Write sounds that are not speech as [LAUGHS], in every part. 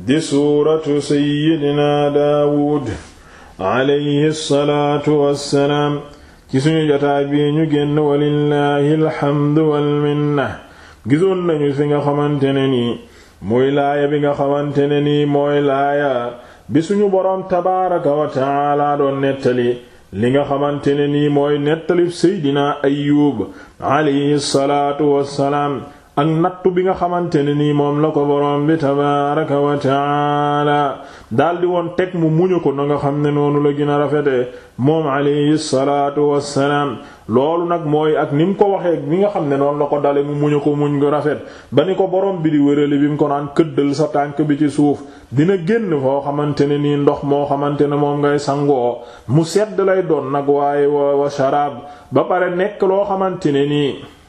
di suuratu seyyidina daawud alayhi salaatu wassalaam ci suñu jotaay bii ñu génn walillaahi alxamdu walminna gisoon nañu fi nga xamante ne nii muy laaya bi nga xamante ne nii mooy laaya bi suñu boroom tabaaraka wa taala doon nettali li nga xamante ne nii mooy nettali seydina ayyuub alayhi salaatu wassalaam ak nattu bi nga xamante ne nii moom la ko borom bi tabaaraka wa taala daldi woon teg mu muñu ko na nga xam ne noonu la gën a rafete moom alayhi salaatu wassalaam loolu nag mooy ak ni mu ko waxee bi nga xam ne noonu la ko dale mu muñu ko muñ gu rafet ba ni ko borom bi di wërale bi mu ko naan këddal sa tànk bi ci suuf dina génn foo xamante ne nii ndox moo xamante ne moom ngay sangoo mu sedd lay doon nag waaye wa sharaab ba pare nekk loo xamante nii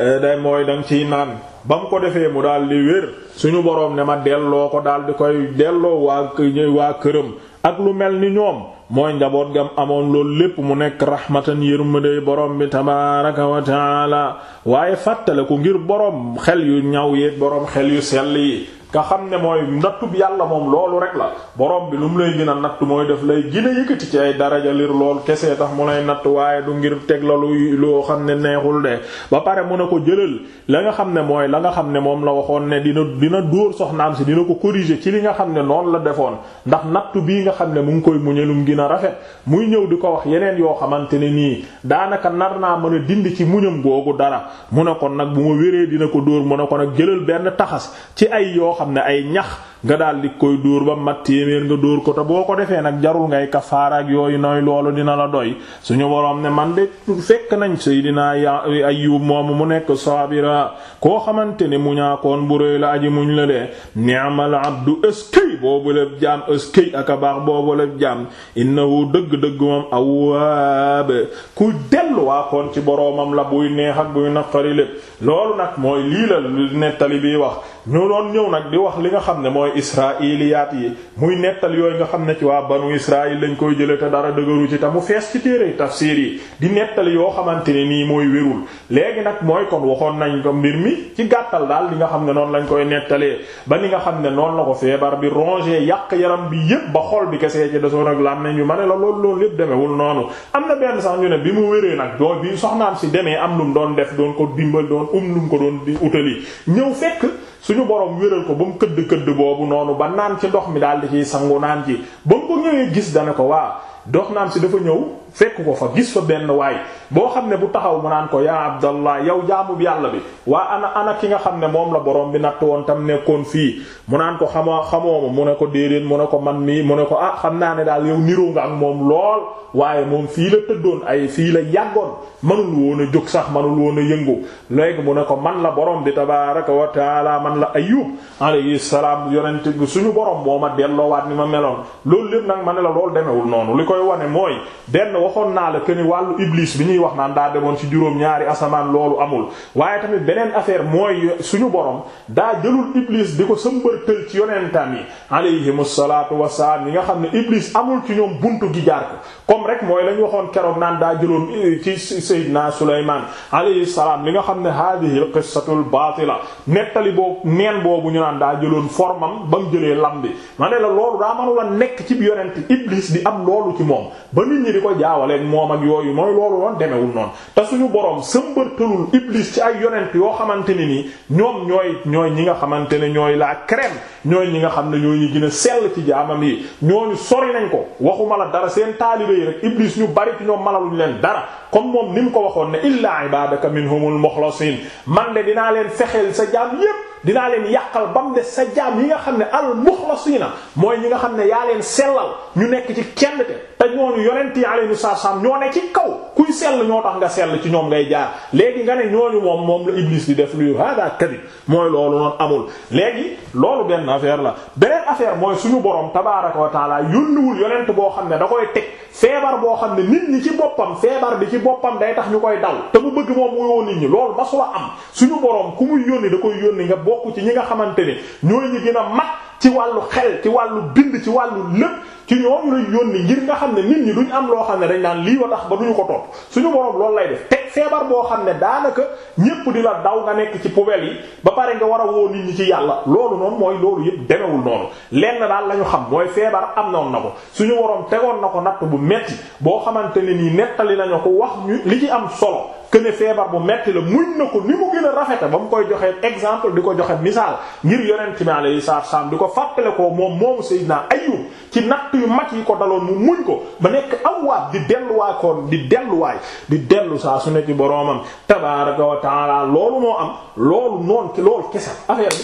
Eh, day mooy danga ciy naan ba mu ko defee mu daal di wér suñu boroom ne ma delloo ko daal di koy delloo waa waa këram ak lu mel ni ñoom mooy njaboot gam amoon loolu lépp mu nekk rahmatan yërmande borom bi tabaaraka wa taala waaye fàttale ko ngir borom xel yu ñaw yeeg borom xel yu sell yi. nga xam ne mooy nattub yàlla moom loolu rek la borom bi lu mu lay gën a natt mooy def lay gën a yëkkati ci ay daraja lir lool kese tax mu lay natt du ngir teg lu loo xam ne neexul de ba pare mu ne ko jëlal la nga xam ne mooy la nga xam ne moom la waxoon ne dina dina dóor soxnaam si ko corriger ci li nga xam ne noonu la defoon ndax nattu bii nga xam ne mu ngi koy muñalum gën a rafet muy ñëw di ko wax yeneen yoo xamante ne nii daanaka nar naa mën a dindi ci muñam googu dara mu ne ko nag bu ma wéree dina ko dóor mu ne ko nag jëlal benn taxas ci ay yoo xam ne ay ñax nga daal di koy dóor ba mat téeméer nga dóor ko te boo ko defee nag jarul ngay kafaara yooyu nooy loolu dina la doy suñu boroom ne man de fekk nañ Seydina Ayyub moomu mu nekk saabira koo xamante ne mu ñaakoon bu rëy la aji muñ la dee ni'mal abdu eskey boobu lépp jaam eskey ak a baax boobu lépp jaam innahu dëgg-dëgg moom awwaab ku delluwaakoon ci boroomam la buy neex ak buy naqari lépp loolu nag mooy lii la nettali bi wax ñu doon ñëw nag di wax li nga xam ne mooy israiliyaat yi muy nettal yooyu nga xam ne ci waa banu israil lañ koy jëlee te dara dëgëru ci te mu fees ci téere tafsiir yi di nettali yoo xamante ne nii mooy wérul léegi nag mooy kon waxoon nañ ko mbir mi ci gàttal daal li nga xam ne noonu lañ koy nettalee ba ni nga xam ne noonu la ko feebar bi rongé yàq yaram bi yépp ba xool bi kesee ci desoon ak làmmiñ bi ma ne la lool lool lépp demewul noonu am na benn sax ñu ne bi mu wéree nag doo bi soxnaam si demee am lu mu def doon dimbal doon um lu ko doon di utali ñëw fekk suñu borom wéral ko ba mu këdd këdd boobu noonu ba naan ci ndox mi daal di ciy sangu naan ji ba mu ko ñëwee gis dana ko waa dox naam si dafa ñëw fekk ko fa gis fa benn waay boo xam ne bu taxaw mu naan ko yaa abdallah yow jaamub yàlla bi waa ana ana ki nga xam ne moom la boroom bi natt woon tam nekkoon fii mu naan ko xamoo xamoo ma mu ne ko déedéet mu ne ko man mii mu ne ko ah xam naa ne daal yow niroo nga ak moom lool waaye moom fii la tëddoon ay fii la yàggoon manul woon a jóg sax manul woon a yëngu léegi mu ne ko man la borom bi tabaaraka wa taala man la ayub alayhi salaam yonent suñu borom moo ma delloowaat ni ma meloon loolu lépp nag ma ne la loolu demewul noonu koy wane mooy benn waxoon naa la que ni wàllu iblis bi ñuy wax naan daa demoon ci juróom-ñaari asamaan loolu amul waaye tamit beneen affaire mooy suñu borom daa jëlul iblis di ko sëmbartël ci yonentam yi alayhimu salaatu wasalaam yi nga xam ne iblis amul ci ñoom buntu gi jaar comme rek mooy lañ waxoon keroog naan daa jëloon eh, ci Seydina Sulaymaan alayhi salaam li nga xam ne haadihi al qissatul baatila nettali boobu neen boobu ñu naan daa jëloon formam ba mu jëlee lam bi ma la loolu daa mënula nekk ci yonent iblis di am loolu ci moom ba nit ñi di ko jaawaleeg moom ak yooyu mooy loolu doon demewul noonu te suñu borom sëmbartalul iblis ci ay yonent yoo xamante ne nii ñoom ñooy ñooy ñi nga xamante ne ñooy la crème ñooy ñi nga xam ne ñooy ñi gën a sell ci jaamam yi ñooñu sori nañ ko waxuma la dara seen taalibe yi rek iblis ñu bari ci ñoom malaluñ leen dara comme moom ni mu ko waxoon ne illaa ibadaka minhumul mukhlasin man de dinaa leen fexeel sa jaam yépp dinaa leen yàqal ba mu sa jaam yi nga xam ne al muxlasiina mooy ñi nga xam ne yaa leen sellal ñu nekk ci kenn te te ñooñu yonent yi alayhi salaam ñoo ne ci kaw kuy sell ñoo tax nga sell ci ñoom ngay jaar léegi nga ne ñooñu moom moom la Iblis di def luy hada kadib mooy loolu noonu amul. léegi loolu benn affaire la beneen affaire mooy suñu borom tabaaraka wa taala yónniwul yonent boo xam ne da koy teg feebar boo xam ne nit ñi ci boppam feebar bi ci boppam day tax ñu koy dal te mu bëgg moom mu ñi loolu ma soo am suñu borom ku muy yónni da koy yónni nga bokk ci ñi nga xamante ni ñooy ñi gën mag ci wàllu xel ci wàllu bind ci wàllu lépp ci ñooñu lañ yónni ngir nga xam ne nit ñi duñ am loo xam ne dañ naan lii wa tax ba duñu ko topp suñu borom loolu lay def teg feebar boo xam ne daanaka ñépp di la daw nga nekk ci poubelle yi ba pare nga war a woo nit ñi ci yàlla loolu noonu mooy loolu yépp demewul noonu lenn daal la ñu xam mooy feebar am noon na ko suñu borom tegoon na ko natt bu metti boo xamante ne nii nettali nañu ko wax ñu li ci am solo que feebar bu metti la muñ na ko ni mu gën a rafete ba mu koy joxee exemple di ko joxe misaal ngir yonent mi alayhi salaam di ko fàttale ko moom moomu Sayyidina yu mag yi ko daloon mu muñ ko ba nekk waat di delluwaay koon di delluwaay di dellu saa su ne ci boroomam tabaaraka wa taala loolu moo am loolu noon loolu kese affaire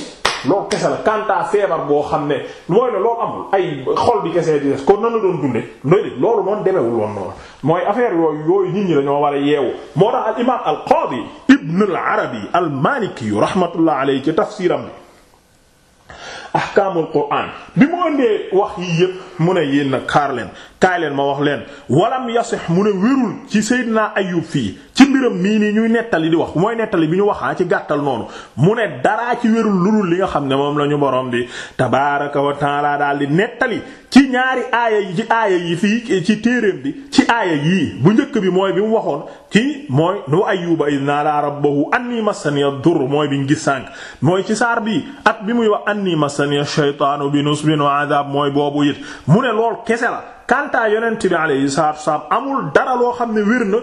loolu kese la kanta feebar boo xam ne mooy ne loolu amul ay xol bi kese di des kon nan la doon dunde loolu loolu noonu demewul woon noonu mooy affaire yooyu yooyu nit ñi dañoo war a yeewu moo tax al imaam al qaadi ibn al arabi al maliki rahmatullah alayhi ci tafsiram bi ahkaamul qur'aan bi mu ëndee wax yi yépp mu ne yéen nag xaar leen kaay leen ma wax leen walam yasix mu ne wérul ci Seydina Ayub fii ci mbiram mii nii ñuy nettali di wax mooy nettali bi ñu waxaa ah, ci gàttal noonu mu ne daraa ci wérul lu dul li nga xam ne moom la ñu borom bi tabaaraka wa taala daal di nettali ci ñaari aaya yi ci aaya yi fii ci téereem bi ci aaya yii bu njëkk bi mooy bi mu waxoon ci mooy nu ayyuba id naadaa rabbahu anni massaniya durr mooy biñ gis sànq mooy ci saar bi at bi muy wax anni massaniya shaytaanu bi nusbin wa adab mooy boobu it mu ne lool kese la kantaa yonent bi alayhi salaatu wasalaam amul dara loo xam ne wér na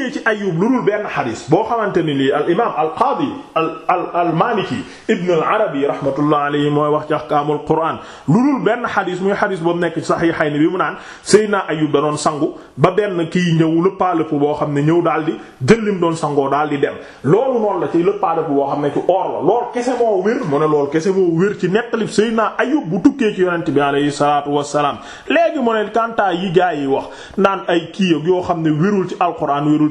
indee ci ayub lu dul benn xadis boo xamante ni lii al imaam al qaadi al al al maliki ibn al arabi rahmatullah alayhi mooy wax ci ahkaamul quraan lu dul benn xadis muy xadis boobu nekk ci saxiixayni bi mu naan Seydina ayub da doon sangu ba benn kii ñëw lëppaalëpp boo xam ne ñëw daal di jël lim doon sangoo daal di dem loolu noonu la ci lëppaalëpp boo xam ne ci or la lool kese moo wér mu ne lool kese moo wér ci nettalib Seydina ayub bu tukkee ci yonent bi alayhi salaatu wassalaam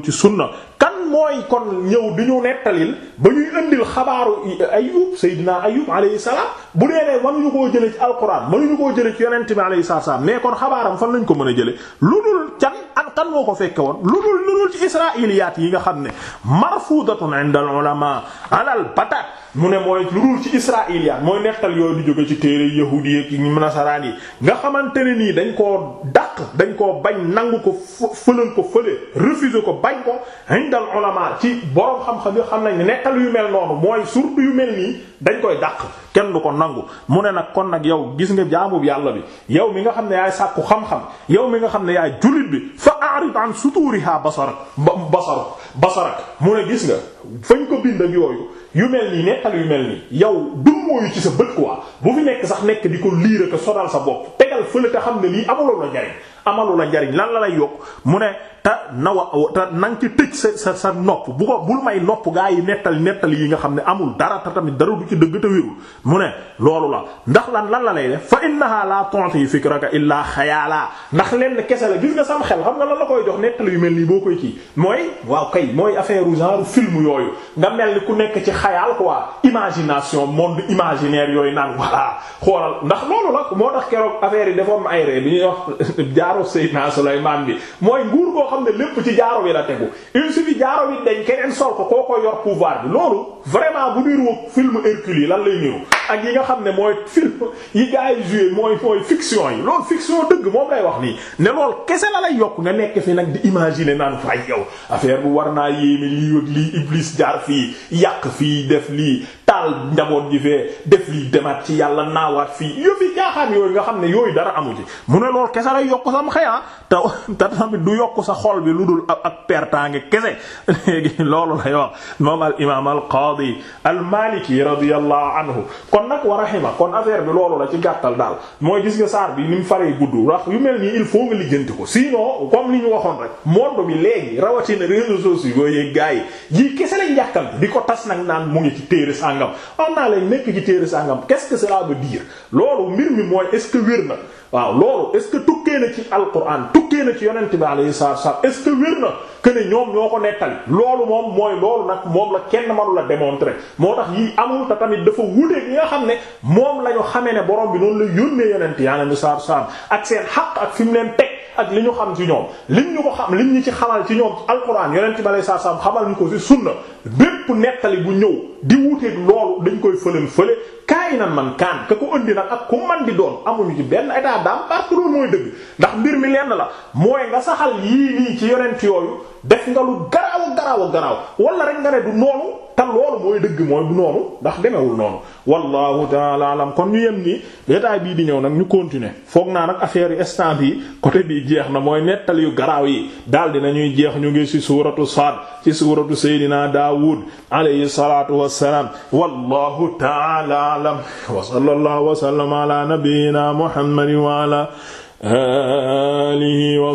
tegul ci sunna kan mooy kon ñëw di ñu nettalil ba ñuy indil xabaaru ayub seydinaa ayub alayhi salaam bu dee ne ñu koo jële ci alquran mënuñu koo jële ci yonent bi alayhi salaam mais kon xabaaram fan lañ ko mën a jële lu dul can an kan moo ko fekke woon lu dul lu dul ci israiliyaat yi nga xam ne marfudatun inda al ulama alal batat mu ne mooy lu dul ci israiliyaat mooy nettal yooyu di jóge ci téere yahuudi ak nasaraan yi nga xamante ne nii dañ ko da dañ koo bañ nangu ko fëlal ko fële refuser ko bañ ko indal ulama ci borom xam-xam yi xam nañ ne nekkal yu mel noonu mooy surtout yu mel nii dañ koy dàq kenn du ko nangu mu ne nag kon nag yow gis nga jaamu yàlla bi yow mi nga xam ne yaay sàkku xam-xam yow mi nga xam ne yaay jullit bi fa a'rid an suturiha basarak basarak basarak mu ne gis nga fañ ko bind ak yooyu yu mel nii nekkal yu mel nii yow du mooyu ci sa bët quoi bu fi nekk sax nekk di ko liir ak sa bopp bàyyil fële te xam ne nii amalu la njariñ amalu la njariñ lan la lay yokk mu ne te na wa te na nga ci tëj sa sa sa nopp bu ko bul may nopp gaa yi nettali nettali yi nga xam ne amul dara te tamit dara du ci dëgg te wérul mu ne loolu la ndax lan lan la lay def fa innaha la tu'ti fikraka illa xayala ndax lenn kese la gis nga sam xel xam nga lan la koy jox nettali yu mel nii boo koy kii mooy waaw kay mooy affaire genre film yooyu nga mel ku nekk ci xayaal quoi imagination monde imaginaire yooyu naan voilà xoolal ndax loolu la moo tax keroog affaire yi defoon ay ree bi ñuy wax [LAUGHS] jaaro Seydina Sulaymaan bi xam lépp ci jaaro bi la tegu il suffit jaaro bi dañ keneen sol ko koo koy yor pouvoir bi loolu vraiment bu niru film Hercule yi lan lay niru ak yi nga xam ne mooy film yi gars yi joué mooy mooy fiction yi loolu fiction dëgg moom lay wax nii ne loolu kese la lay yokk nga nekk fi nag di imaginer naan fay yow affaire bu war naa yéeme lii ak lii Iblis jaar fii yàq fii def lii taal njaboot ji fee def lii demaat ci yàlla naawaat fii yëfi jaaxaan yooyu nga xam ne yooyu dara amu ci mu ne loolu kese lay yokk sam xëya ah, te te tamit du yokk sa xol bi lu dul ak pertange kese [LAUGHS] léegi loolu lay wax moom al imaam al qaadi al maliki radiyallahu anhu kon nag wa rahima kon affaire bi loolu la ci gàttal daal mooy gis nga saar bi ni mu faree gudd ndax yu mel nii il faut nga ko sinon comme li ñu waxoon rek monde bi léegi rawatina réseaux sociaux yooyu di ko tas nag naan mu ngi ci téere sang sàngam wax naa lay nekk ci téere sàngam qu'est-ce que cela veut dire loolu mbir mi mooy est que wér na waaw loolu est-ce que tukkee na ci alquran tukkee na ci yonent bi alayhi salaatu wasallam est-ce wér na que ñoom ñoo ko nettali loolu moom mooy loolu nag moom la kenn mënu la démontrer moo tax yii amul te tamit dafa wuteeg yi nga xam ne moom la ñu xamee ne borom bi noonu la yónnee yonent yi alayhi salaatu wasallam ak seen xaq ak fi leen teg ak li ñu xam ci ñoom lim ñu ko xam lim ñu ci xamal ci ñoom alquran yonent bi alay saa saam xamal ñu ko ci sunna bépp nettali bu ñëw di wuuteeg loolu dañ koy fële fële kaay nan man kaan ka ko ëndi nag ak ku man di doon amuñu ñi benn état d'âme parce que mooy dëgg ndax mbir mi lenn la mooy nga saxal yii nii ci yonent yooyu def nga lu garaaw garaaw garaaw wala rek nga ne du noonu. te loolu mooy dëgg mooy bu noonu ndax demewul noonu wallahu taala alam kon ñu yem ni détail bii di ñëw nag ñu continuer foog naa nag affaire yu instant bi côté bi jeex na mooy nettali yu garaaw yi daal di nañuy jeex ñu ngi ci suuratu Saad ci suuratu Seydina Daawud alayhi salaatu wassalaam wallahu taala alam wa sallallahu wa sallama wa ala alihi wa